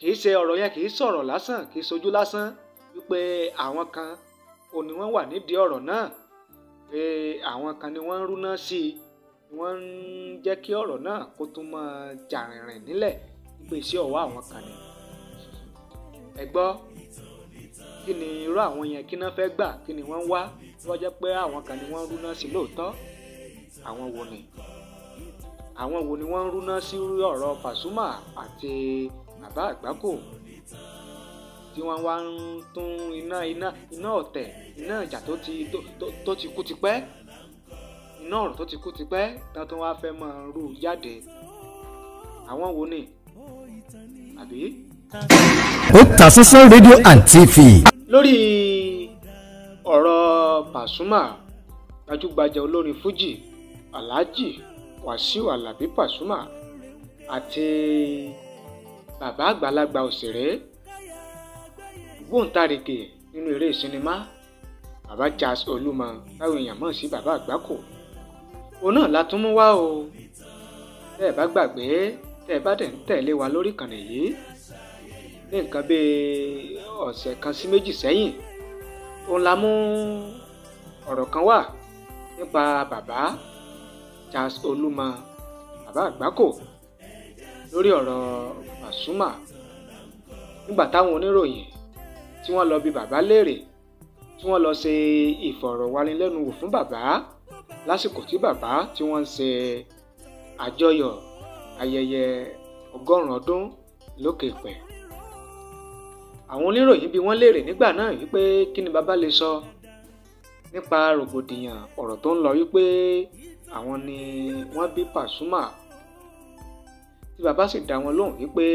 kì í ṣe ọ̀rọ̀ yẹn kì í sọ̀rọ̀ lásán kì í sojú lásán wípé àwọn kan ò ní wọ́n wà nídìí ọ̀rọ̀ náà pé àwọn kan ni wọ́n ń rúná sí i ni wọ́n ń jẹ́ kí ọ̀rọ̀ náà kó tún mọ́ jàrìnrìn nílẹ̀ wípé iṣẹ́ ọwọ́ àwọn kan ni. ẹ gbọ́ kí ni irú àwọn yẹn kí náà fẹ́ gbà kí ni wọ́n ń wá wọ́n jẹ́ pé àwọn kan ni wọ́n ń rúná sí lóòótọ́ àwọn wo ni àwọn wo ni wọ́n ń rúná sí ọ̀rọ̀ Pasuma àti bàbá àgbákò tí wọ́n wá ń tún iná iná iná ọ̀tẹ̀ iná ìjà tó ti tó ti kú tipẹ́ iná ọ̀rọ̀ tó ti kú tipẹ́ tán tó wá fẹ́ máa rú jáde àwọn wo ni àbí. Otasansan rédíò and TV. lórí ọ̀rọ̀ Pasuma gbajúgbajà olórin Fuji Alhaji Wasiu Alabi Pasuma àti bàbá àgbàlagbà òṣèré gbóǹtarìgì nínú eré sinimá bàbá Charles Olúmọ táwọn èèyàn mọ̀ sí bàbá Àgbákò òun náà la tún mú wá o tẹ́ ẹ bá gbàgbé tẹ́ ẹ bá dẹ̀ ń tẹ̀lé wa lórí ìkànnì yìí ní nǹkan bíi ọ̀sẹ̀ kan sí méjì sẹ́yìn òun la mú ọ̀rọ̀ kan wà nípa bàbá Charles Olúmọ bàbá Àgbákò lórí ọ̀rọ̀ Pasuma nígbà táwọn oníròyìn tí wọ́n lọ bi bàbá léèrè tí wọ́n lọ ṣe ìfọ̀rọ̀wánilẹ́nuwò fún bàbá lásìkò tí bàbá tí wọ́n ń ṣe àjọyọ̀ ayẹyẹ ọgọ́rùn-ún ọdún lókè pẹ̀. àwọn oníròyìn bi wọ́n léèrè nígbà náà wípé kí ni bàbá lè sọ nípa rògbòdìyàn ọ̀rọ̀ tó ń lọ wípé àwọn ni wọ́n bí Pasuma tí bàbá sì dá wọn lóhùn wípé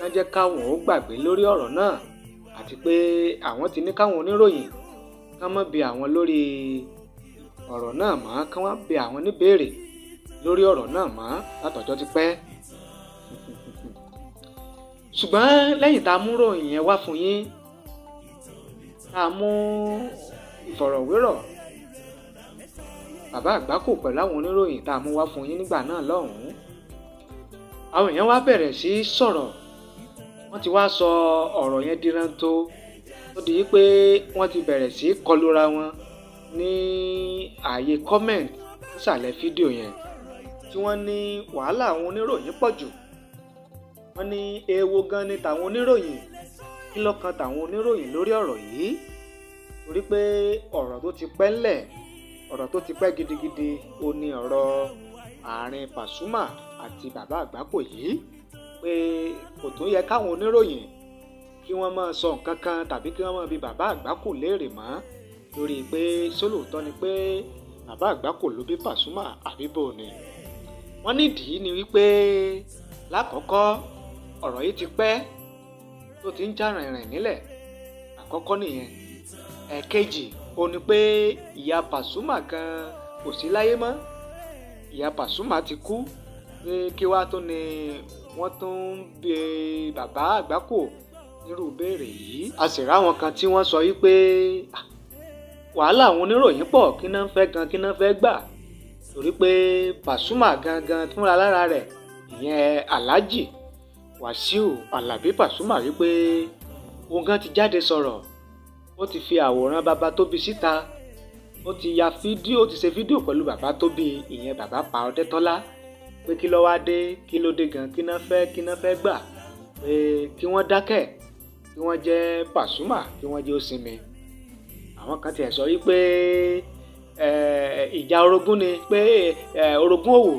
wọ́n jẹ́ káwọn ó gbàgbé lórí ọ̀rọ̀ náà àti pé àwọn ti ní káwọn oníròyìn ká má bi àwọn lórí ọ̀rọ̀ náà mọ́ ká wọ́n bi àwọn níbèrè lórí ọ̀rọ̀ náà mọ́ látọjọ́ ti pẹ́ ṣùgbọ́n lẹ́yìn tá a mú ròyìn yẹn wá fún yín tá a mú ìfọ̀rọ̀wérọ̀ bàbá àgbákò pẹ̀lú àwọn oníròyìn tá a mú wá fún yín nígbà náà lọ́hùn-ún àwọn èèyàn wá bẹ̀rẹ̀ sí í sọ̀rọ̀ wọ́n ti wá sọ ọ̀rọ̀ yẹn di rántó tó di pé wọ́n ti bẹ̀rẹ̀ sí í kọlura wọn ní ààyè comment nísàlẹ̀ fídíò yẹn tí wọ́n ní wàhálà àwọn oníròyìn pọ̀ jù wọ́n ní ewo gan ni tàwọn oníròyìn kí ló kan tàwọn oníròyìn lórí ọ̀rọ̀ yìí torí pé ọ̀rọ̀ tó ti pẹ́ ńlẹ̀ ọ̀rọ̀ tó ti pẹ́ gidigidi ó ní ọ̀rọ̀ àárín Pasuma àti bàbá Àgbákò yìí pé kò tún yẹ káwọn oníròyìn kí wọ́n máa sọ nǹkan kan tàbí kí wọ́n máa bi bàbá Àgbákò léèrè mọ́ lórí pé sólòótọ́ ni pé bàbá Àgbákò ló bí Pasuma àbí bò ni. wọ́n nídìí ni wípé lákọ̀ọ́kọ́ ọ̀rọ̀ yìí ti pẹ́ tó ti ń já rìnrìn nílẹ̀ àkọ́kọ́ nìyẹn ẹ̀ẹ̀kejì ó ní pé ìyá Pasuma gan kò sí láyé mọ́ ìyá Pasuma ti kú pé kí wàá tó ni wọ́n tún ń bẹ bàbá àgbákò nírú béèrè yìí a sì ráwọn kan tí wọ́n sọ wípé ah, wàhálà àwọn oníròyìn pọ̀ kí náà fẹ́ gan kí náà fẹ́ gbà torí pé Pasuma gangan fúnra lára rẹ̀ ìyẹn Alhaji Wàsíù Alábí Pasuma wípé òun ti jáde sọ̀rọ̀ ó ti fi àwòrán bàbá tó síta ó ti ya fídíò ó ti ṣe fídíò pẹ̀lú bàbá tó bí ìyẹn bàbá pa Ọdẹ́tọ́lá pé kí ló wá dé kí ló dé gan kí náà fẹ́ kí náà fẹ́ gbà pé kí wọ́n dákẹ́ kí wọ́n jẹ́ Pasuma kí wọ́n jẹ́ ó sinmi àwọn kan tiẹ̀ sọ wípé ìjà orogún ni pé orogún òwò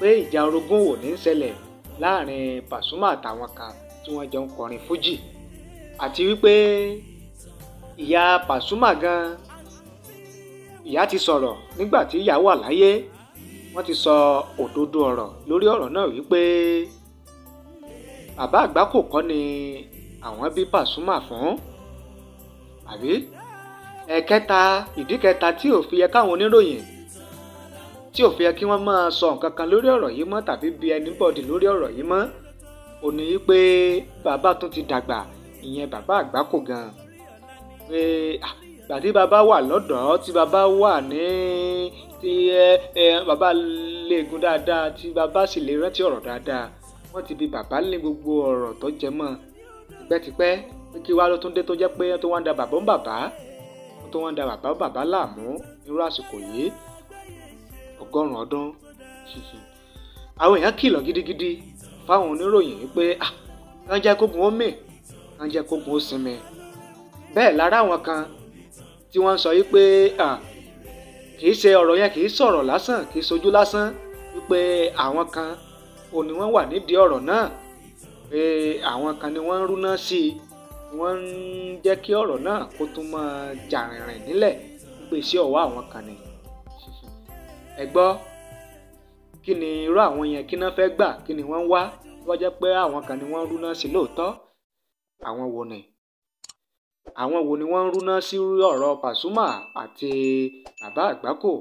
pé ìjà orogún òwò ní í láàrin Pasuma àtàwọn kan tí wọ́n jọ ń kọrin fújì àti wípé ìyá Pasuma gan ìyá ti sọ̀rọ̀ nígbà tí ìyá wà láyé wọ́n ti sọ òdodo ọ̀rọ̀ lórí ọ̀rọ̀ náà wípé bàbá Àgbákò kọ́ ni àwọn bí Pasuma fún àbí ẹ̀kẹta ìdí kẹta tí ò fi yẹ káwọn oníròyìn tí ò fi yẹ kí wọ́n máa sọ nǹkan kan lórí ọ̀rọ̀ yìí mọ́ tàbí bi anybody lórí ọ̀rọ̀ yìí mọ́ ò ní í pé bàbá tún ti dàgbà ìyẹn bàbá Àgbákò gan pé ah, ìgbà tí bàbá wà lọ́dọ̀ọ́ tí bàbá wà ní tí ẹ ẹ bàbá léegun dáadáa tí bàbá sì lè rántí ọ̀rọ̀ dáadáa wọ́n ti bi bàbá lé gbogbo ọ̀rọ̀ tó jẹ mọ́ tipẹ́tipẹ́ pé kí wàá ló tún dé tó jẹ́ pé tó wá ń da bàbá ń bàbá tó wá ń da bàbá ń bàbá láàmú irú àsìkò yìí ọgọ́rùn-ún ọdún àwọn èèyàn kìlọ̀ gidigidi fáwọn oníròyìn pé ah kàn jẹ́ kógun ó mì kàn jẹ́ kógun ó sinmi bẹ́ẹ̀ lára àwọn kan tí wọ́n ń sọ yìí pé kì í ṣe ọ̀rọ̀ yẹn kì í sọ̀rọ̀ lásán kì í sojú lásán wípé àwọn kan ò ní wọ́n wà nídìí ọ̀rọ̀ náà pé àwọn kan ni wọ́n ń rúná sí i wọ́n ń jẹ́ kí ọ̀rọ̀ náà kó tún máa jà rìnrìn nílẹ̀ wípé iṣẹ́ ọwọ́ àwọn kan ni ẹ gbọ́ kí ni irú àwọn yẹn kí náà fẹ́ gbà kí ni wọ́n wá tó jẹ́ pé àwọn kan ni wọ́n ń rúná sí lóòótọ́ àwọn wo ni àwọn wo ni wọ́n ń rúná sí ọ̀rọ̀ pasuma àti bàbá àgbákò